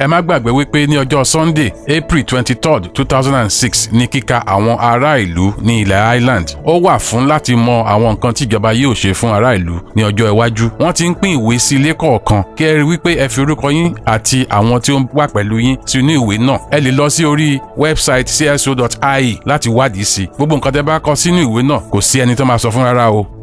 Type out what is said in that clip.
ẹ má gbàgbé wípé ní ọjọ́ sunday april twenty third two thousand and six ní kíka àwọn ará ìlú ní ilẹ̀ island. ó wà fún láti mọ àwọn nǹkan tí ìjọba yóò ṣe fún ará ìlú ní ọjọ́ iwájú wọ́n ti ń pín ìwé sí ilé kọ̀ọ̀kan kí ẹ rí wípé ẹ fi orúkọ yín àti àwọn tí ó ń wà pẹ̀lú yín sínú ìwé náà ẹ lè lọ sí orí wẹ́bsáìtì cso.ie láti wádìí sí gbogbo nǹkan tẹ́ bá kọ sínú ìwé náà kò sí ẹni tó máa sọ fún rárá o